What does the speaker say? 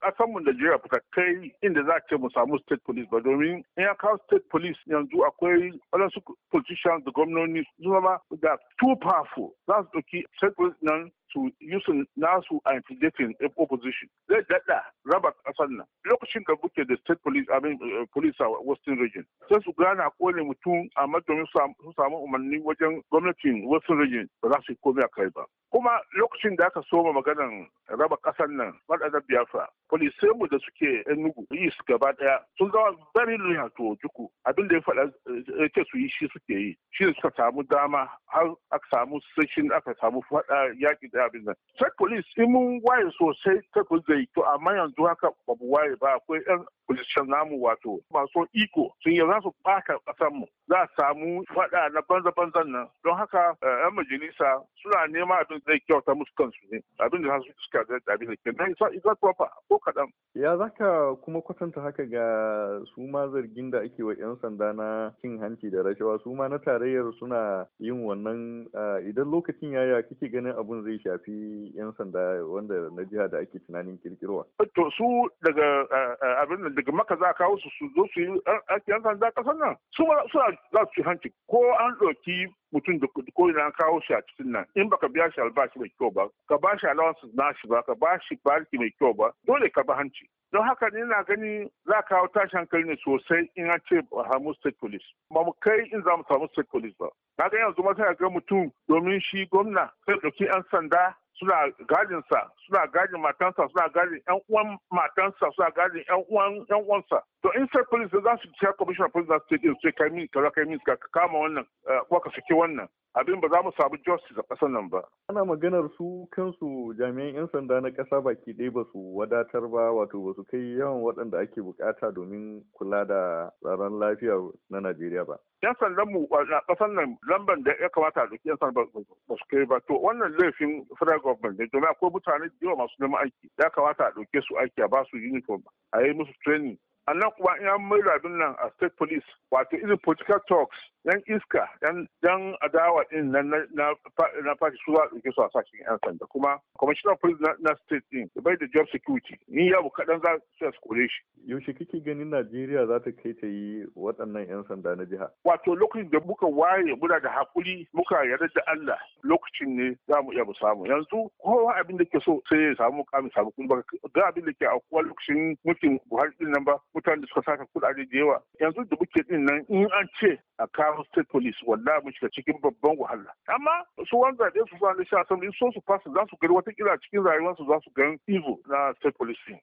kasanmu Najeriya jiya fuka kai inda za ce mu samu state police ba domin in ya kawo state police yanzu akwai wadansu politicians da gwamnoni su zama da too powerful za su ɗauki state police nan su yusun nasu anti-dating opposition zai daɗa raba ƙasar nan lokacin da buke da state police abin eh, police a western region sai su gana kone mutum a domin su samu umarni wajen gwamnatin western region ba za su yi komai a kai ba kuma lokacin da aka soma maganan raba ƙasar nan faɗaɗa biyafa polisai mu da suke enugu yi su gaba daya sun zama very loyal to juku abin da ya faɗa ke su yi shi suke yi shi suka samu dama har aka samu session aka samu faɗa yaƙi da abin nan sai police in mun waye sosai ta zai to amma yanzu haka babu waye ba akwai yan polisiyan namu wato masu iko sun yi za su baka ƙasar mu za a samu faɗa na banza-banzan nan don haka yan eh, majalisa suna nema abin zai kyauta musu kansu ne abin da za su suka da abin da ke nan is proper kaɗan. Ya zaka kuma kwatanta haka ga su ma zargin da ake wa 'yan sanda na cin hanci da rashawa su ma na tarayyar suna yin wannan idan lokacin yaya kike ganin abun zai shafi 'yan sanda wanda na jiha da ake tunanin kirkirwa. To su daga abin da daga maka za kawo su su zo su yi 'yan sanda ƙasar nan su ma suna za su ci hanci ko an ɗauki mutum da ko ina kawo shi a cikin nan in baka biya shi albashi mai kyau ba ka ba shi alawansu na shi ba ka ba shi bariki mai kyau ba dole ka ba hanci don haka ne na gani za ka kawo tashi hankali ne sosai in an ce ba hamu state police ba mu kai in za mu samu state police ba na ga yanzu mata sai ga mutum domin shi gwamna sai ɗauki 'yan sanda suna gadinsa suna gajin matansa suna gajin yan uwan matansa suna gajin yan uwan yan uwansa to in sai police za su ci commissioner police za su ce din eh, sai kai min kaza kai min ka kama wannan eh, ko ka saki wannan abin ba za mu samu justice a ƙasar nan ba. Ana maganar su kansu jami'an 'yan sanda na ƙasa baki ɗaya ba su wadatar ba wato ba su kai yawan waɗanda ake buƙata domin kula da tsaron lafiya na Najeriya ba. 'Yan sandan mu na ƙasar nan lamban da ya kamata a ɗauki 'yan sanda ba su kai ba to wannan laifin federal government ne domin akwai mutane da yawa masu neman aiki ya kamata a ɗauke su aiki a ba su uniform a yi musu training nan kuma in an mai abin nan a state police wato irin political talks yan iska yan adawa din na na fashi su zuwa suke su a sashen yan sanda kuma commissioner police na state din bai da job security ni yabu kaɗan za su su kore shi. yaushe kike ganin najeriya za ta kai ta yi waɗannan yan sanda na jiha. wato lokacin da muka waye muna da hakuri muka yarda da allah lokacin ne za mu iya mu samu yanzu kowa abin da ke so sai ya samu kamun samu kuma ga abin da ke aukuwa lokacin mulkin buhari din nan ba mutane da suka saka kudade da yawa yanzu da muke din nan in an ce a kawo state police wanda mun shiga cikin babban wahala amma su wanda da su zuwa ne sha sun so su fasa za su gari wata kira cikin rayuwarsu za su gan evil na state police